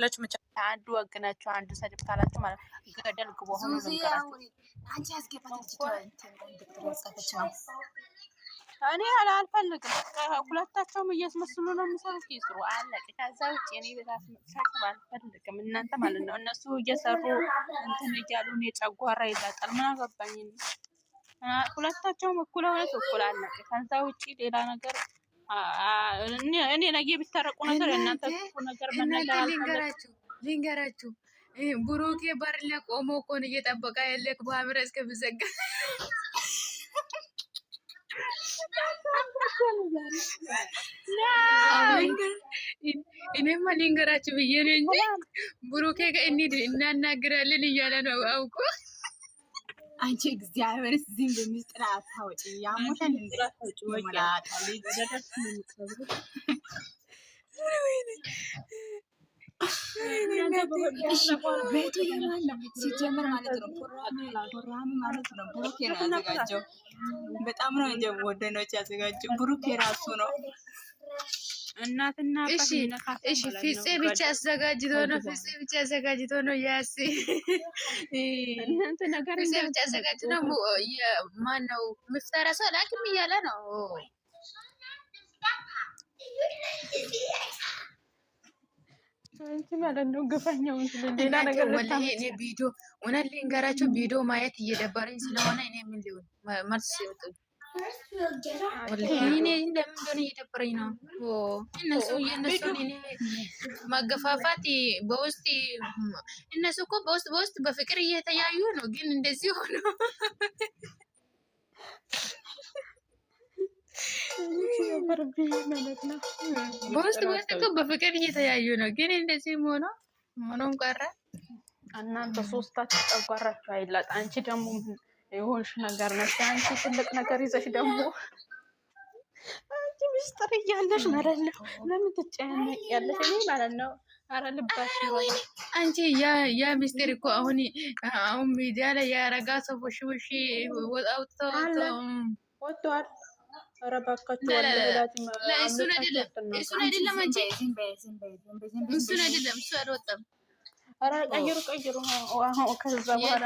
ለች መቻ አንዱ ወግ አንዱ ሰድብ ማለት ገደል ግቦ ሆኖ እኔ አልፈልግም። ሁለታቸውም እያስመስሉ ነው የሚሰሩት፣ ይስሩ፣ አለቀ። ከዛ ውጭ እኔ በዛት አልፈልግም። እናንተ ማለት ነው እነሱ እየሰሩ እንትን እያሉ እኔ ጨጓራ ይዛጣል። ምን አገባኝ? ሁለታቸውም እኩል እውነት እኩል አለቀ። ከዛ ውጭ ሌላ ነገር እኔ ነገ ቢታረቁ ነገር እናንተ ነገር መናገር ልንገራችሁ። ብሩኬ በር ላይ ቆሞ እኮ ነው እየጠበቀ ያለክ በአምረ እስከሚዘጋ እኔማ ልንገራችሁ ብዬ ነው እንጂ ብሩኬ ጋር እንሂድ እናናግራለን እያለ ነው አውቆ አንቺ እግዚአብሔር እዚህ በሚስጥር አታወጪ ያሞሻል እንደታወጪ ሲጀምር ማለት ነው። ፕሮግራም ማለት ነው። ያዘጋጀው በጣም ነው እንደ ወደኖች ያዘጋጀው ብሩክ የራሱ ነው። እናትና እሺ ፍፄ ብቻ አዘጋጅቶ ነው። ፍፄ ብቻ አዘጋጅቶ ነው። እናንተ ነገር ፍፄ ብቻ አዘጋጅቶ ነው። ነው እያለ ነው። አንቺ ማለት ነው ግፈኛው ነገር እኔ ቪዲዮ ወና ሊንገራቸው ቪዲዮ ማየት እየደበረኝ ስለሆነ እኔ ምን ሊሆን መልስ ይወጣል እኔ ለምን እንደሆነ እየደበረኝ ነው። እነሱ የእነሱን እኔ ማገፋፋት በውስጥ እነሱ እኮ በውስጥ በውስጥ በፍቅር እየተያዩ ነው፣ ግን እንደዚህ ሆኖ በውስጥ በውስጥ እኮ በፍቅር እየተያዩ ነው፣ ግን እንደዚህ ሆኖ ሆኖም ቀረ። እናንተ ሶስታችሁ ጨጓራችሁ አይላጥ። አንቺ ደግሞ የሆንሽ ነገር ነሽ አንቺ። ትልቅ ነገር ይዘሽ ደግሞ አንቺ ምስጢር እያለሽ ማለት ነው ለምን ትጨነቂ ያለሽ እኔ ማለት ነው። አረ ልባሽ አንቺ ያ ምስጢር እኮ አሁን አሁን ሚዲያ ላይ ያረጋ ሰዎች ውሺ ወጣውቶ ወጥቷል። አረ እባካችሁ እሱን አይደለም እሱን አይደለም አንቺ እሱን አይደለም እሱ አልወጣም። አረ ቀይሩ ቀይሩ ከዛ በኋላ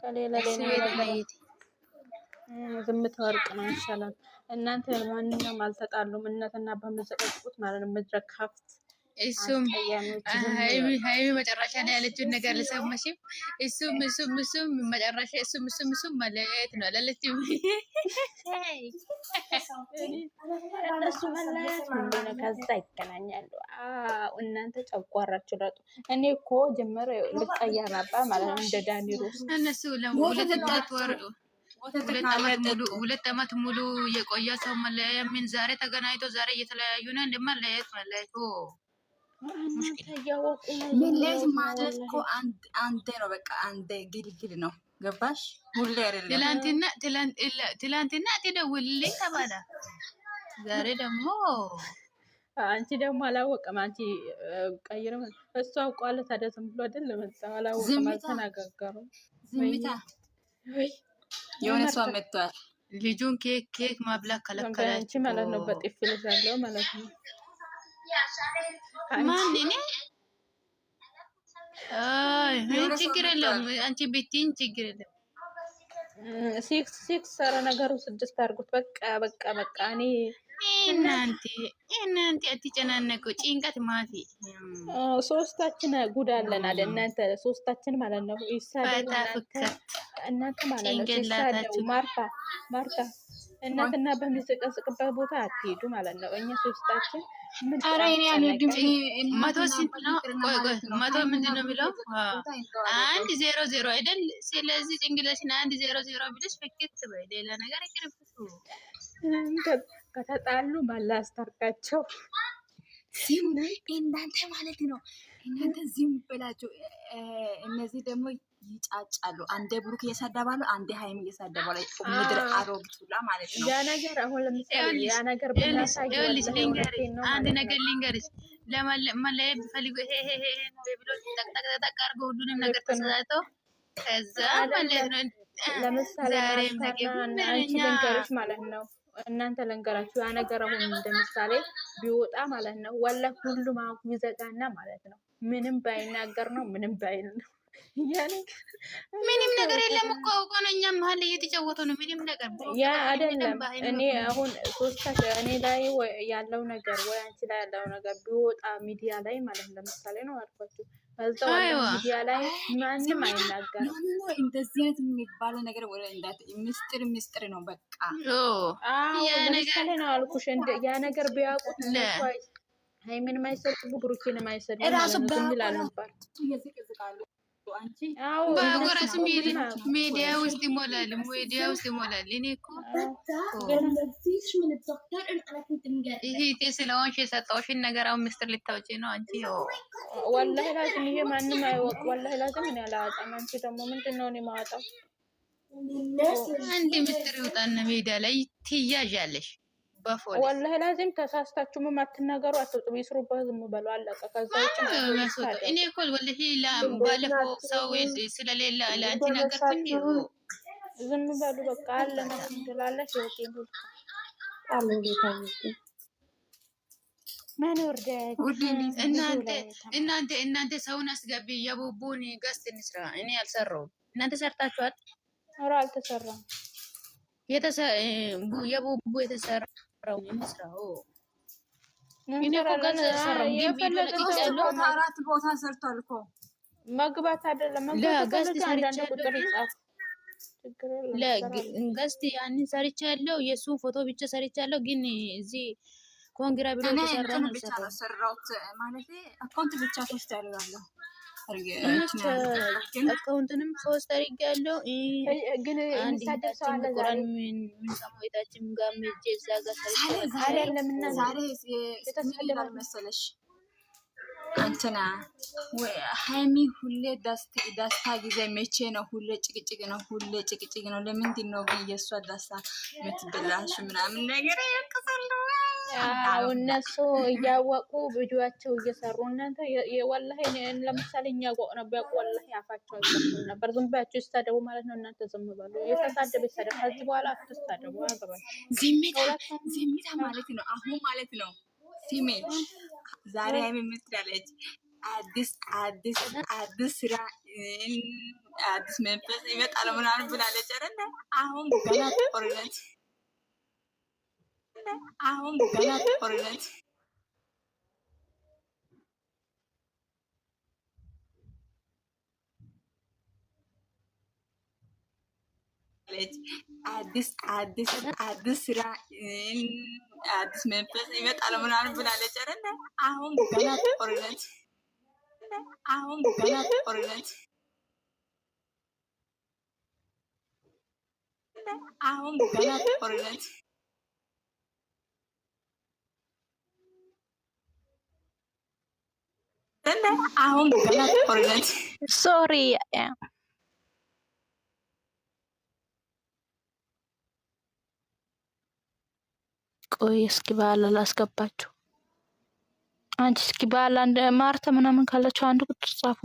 ከሌላ ዝምታ ወርቅ ነው ይሻላል። እናንተ ማንኛውም አልተጣሉም። እናትና በምዘቀቁት ማለት ነው ምድረ ከፍት እሱም ሀይሚ መጨረሻ ያለችውን ነገር ልሰማሽም። እሱም እሱም እሱም መጨረሻ እሱም እሱም እሱም መለያየት ነው አላለችም። እነሱ መለያየት ነው። ከዛ ይገናኛሉ። እናንተ ጨጓራችሁ ረጡ። እኔ እኮ ጀመረ ልቀያ ናባ ማለት ነው እንደ እነሱ ለሁለት ወርዱ ሁለት ዓመት ሙሉ የቆየ ሰው መለያየ ምን ዛሬ ተገናኝቶ ዛሬ እየተለያዩ ነው። እንደ መለያየት ምሌት ማለት እኮ አንዴ ነው፣ በቃ አንዴ ግልግል ነው። ገባሽ? ሁሌ አይደለም። ትላንትና ትደውልልኝ ተባለ። ዛሬ ደግሞ አንቺ ደግሞ አላወቀም። አንቺ ቀይረ እሱ አውቋለ። ታዲያ ዝም ብሎ አይደል ለመጣ አላወቀም፣ አልተነጋገሩም። ዝምታ የሆነ ሰው መጥቷል። ልጁን ኬክ ኬክ ማብላት ከለከላችሁ ማለት ነው። በጥፊ ልጅ አለው ማለት ነው። ማን እኔ? አይ ችግር የለውም። አንቺ ቤቲን ችግር የለም ሲክስ ሲክስ ኧረ ነገሩ ስድስት አድርጉት። በቃ በቃ በቃ እኔ እናንተ እናንተ አትጨናነቁ። ጭንቀት ማፊ ሶስታችን ጉድ አለ እናንተ ሶስታችን ማለት ነው። ይሳደቡ እናንተ ማለት ነው። ማርታ ማርታ እናትና በሚዘቀዝቅበት ቦታ አትሄዱ ማለት ነው። እኛ ሶስታችን መቶ ስንት ነው? መቶ ምንድን ነው የሚለው? አንድ ዜሮ ዜሮ አይደል? ስለዚህ ጭንግለሽን አንድ ዜሮ ዜሮ ብለሽ ፈኬት በይ። ሌላ ነገር ይቅርብሽ። ከተጣሉ ባላስታርቃቸው ሲም እንዳንተ ማለት ነው። እናንተ እዚህ የሚበላቸው እነዚህ ደግሞ ይጫጫሉ። አንዴ ብሩክ እየሰደባሉ፣ አንዴ ሀይም እየሰደባሉ። ምድር አሮጊት ሁላ ማለት ነው። ያ ነገር አሁን ለምሳሌ ያ ነገር አንድ ነገር ልንገርሽ፣ ለመለየት ቢፈልጉ ብሎ ጠቅጠቅጠቅ አድርጎ ሁሉንም ነገር ተሰዛቶ ከዛ ማለት ነው። ለምሳሌ ልንገርሽ ማለት ነው እናንተ ለንገራችሁ ያ ነገር አሁን እንደምሳሌ ቢወጣ ማለት ነው ወላ ሁሉም ይዘጋና ማለት ነው ምንም ባይናገር ነው ምንም ባይል ነው ምንም ነገር የለም እኮ አውቀ እኛ መሀል እየተጫወተ ነው። ምንም ነገር ያ አይደለም። እኔ አሁን ሶስታ እኔ ላይ ያለው ነገር ወይ አንቺ ላይ ያለው ነገር ቢወጣ ሚዲያ ላይ ማለት ለምሳሌ ነው አልኳቸው። ሚዲያ ነው በቃ። ነው አልኩሽ። ያ ነገር ሃይሚን ማይሰድቡ ብሩኬን ማይሰድቡ ማለት ነው ይላል ነበር በጎራሱ ሜዲያ ውስጥ ይሞላል፣ ሜዲያ ውስጥ ይሞላል። እኔ እኮ ስለሆንሽ የሰጠሁሽን ነገር አሁን ምስጢር ልታውጪ ነው አንቺ። ወላሂ ላዝም ይሄ ማንም አይወቅ። ወላሂ ላዝም እኔ አላወጣም። አንቺ ደግሞ ምንድን ነው እኔ የማወጣው? አንድ ምስጢር ይውጣና ሜዲያ ላይ ትያዣለሽ። በፖሊስ ወላሂ ላዚም ተሳስታችሁ ምን አትናገሩ፣ ይስሩበት፣ ዝም በሉ አለቀ። ከዛ እኔ እኮ ወላሂ ባለፈው ሰው ስለሌለ ለአንቺ ነገርኩኝ። ዝም በሉ በቃ አለ ትላለች። እናንተ እናንተ ሰውን አስገቢ፣ የቡቡን እንስራ። እኔ አልሰራሁም፣ እናንተ ሰርታችኋል። ኧረ አልተሰራም። የቡቡ የተሰራ ነው የምሰራው። አራት ቦታ ሰርቷል እኮ መግባት አይደለም ገዝት ያንን ሰርቻ ያለው ፎቶ ብቻ ሰርቻ ግን እዚህ ኮንግራ ብሎ ሰራ ነው ሰራውት ማለት አካውንት ብቻ ሶስት ያለው አካውንትንም ሶስት አድርግ ያለው ቁራን ሀይሚ ሁሌ ደስታ ጊዜ መቼ ነው? ሁሌ ጭቅጭቅ ነው። ሁሌ ጭቅጭቅ ነው። ለምንድን ነው ግን የእሷ ደስታ የምትበላሽ ምናምን ነገር ያቅሳለሁ እነሱ እያወቁ ቪዲዮቸው እየሰሩ እናንተ ወላሂ ለምሳሌ እኛ ቆቅ ነው ቢያውቁ ወላሂ አፋቸው አይሰጡም ነበር። ዝም ብላችሁ ይሳደቡ ማለት ነው። እናንተ ዝም በሉ። የተሳደበ ይሳደብ። ከዚህ በኋላ አትሳደቡ። ዝምታ ማለት ነው። አሁን ማለት ነው። ሲሜ ዛሬ የምትላለች አዲስ አዲስ አዲስ ስራ አዲስ መንፈስ ይመጣል ምናምን ብላለች። አሁን ገና ጦርነት አሁን ገና ጦርነት አዲስ አዲስ አዲስ ስራ አዲስ መንፈስ ይመጣል ምናምን ብላለች። ኧረ አሁን ገና ጦርነት አሁን ገና ጦርነት አሁን ገና ጦርነት አሁን ሶሪ ቆይ እስኪ በኋላ ላስገባችሁ። አንቺ እስኪ በኋላ አንድ ማርታ ምናምን ካላችሁ አንድ ቁጥር ጻፉ።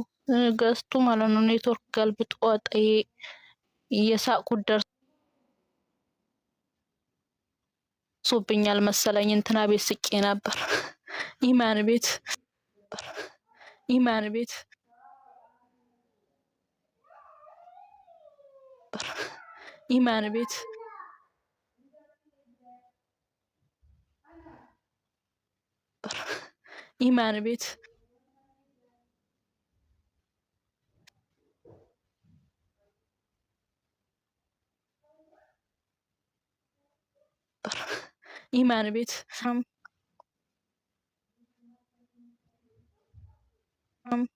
ገዝቱ ማለት ነው። ኔትወርክ ገልብጦ ወጣ። የሳቁት ደርሶብኛል መሰለኝ። እንትና ቤት ስቄ ነበር፣ ኢማን ቤት ኢማን ቤት ኢማን ቤት ኢማን ቤት ኢማን ቤት Um,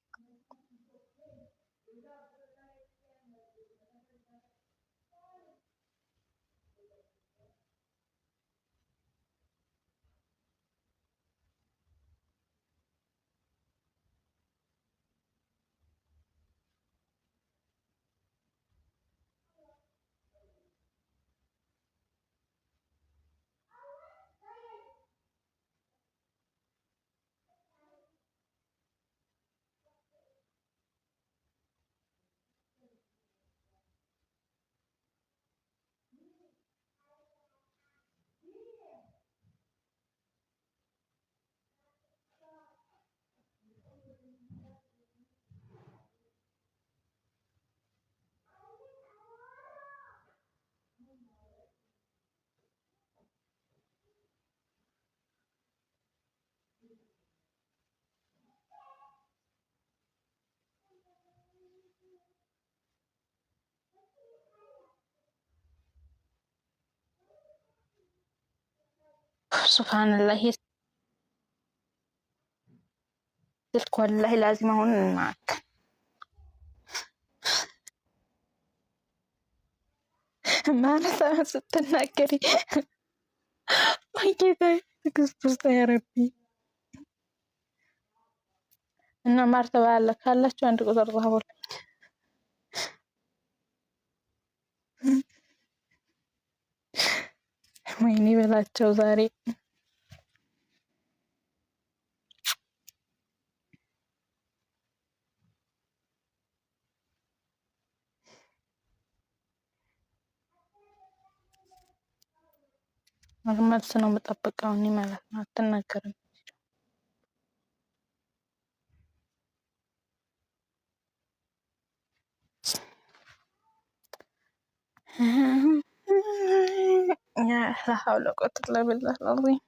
سبحان الله تلك والله لازم هون معك ما أنا طيب، سامع يا ربي أنا ما أرتبع لك هلا شو عندك أرضها ዛቦል ወይኔ በላቸው ዛሬ መልስ ነው የምጠብቀው እኔ ማለት ነው። አትናገርም يا لا حول ولا قوة إلا بالله العظيم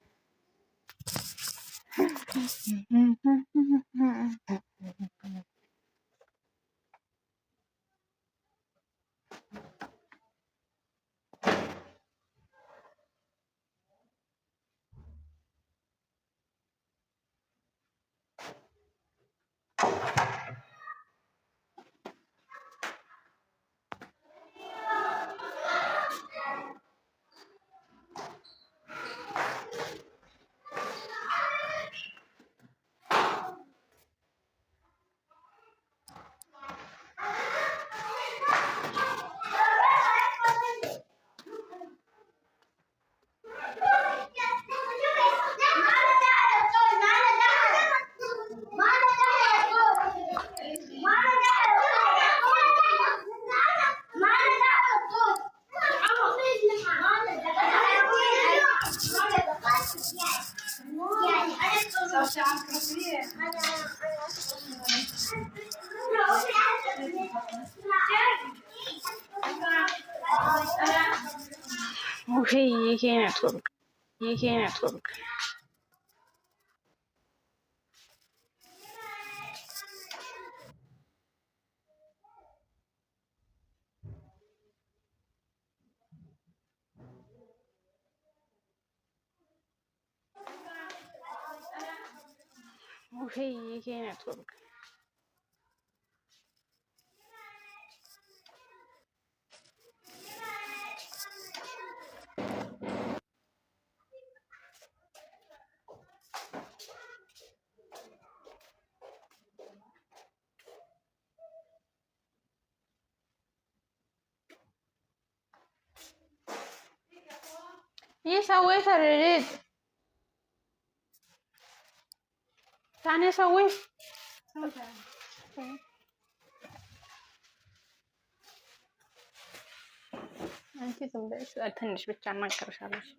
Никакие network. Никакие network. Уже никакие network. ይህ ሰዎች ርርጥ ታኔ ሰዎች አንቺ ትንሽ ብቻ እናገርሻለሽ።